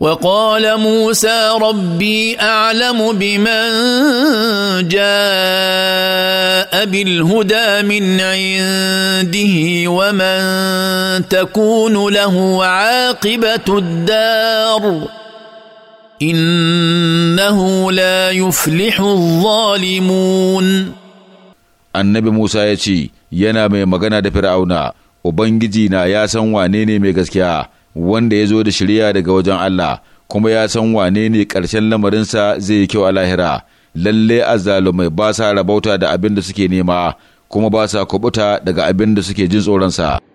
وقال موسى ربي اعلم بمن جاء بالهدى من عنده ومن تكون له عاقبه الدار انه لا يفلح الظالمون النبي موسى ya ينامي مغنى mai magana da Fir'auna, Ubangiji wanda ya zo da shirya daga wajen Allah kuma ya san wane ne ƙarshen lamarinsa zai yi kyau a lahira lalle azzalumai ba sa rabauta da abin da suke nema kuma ba sa kubuta daga abin da suke jin tsoronsa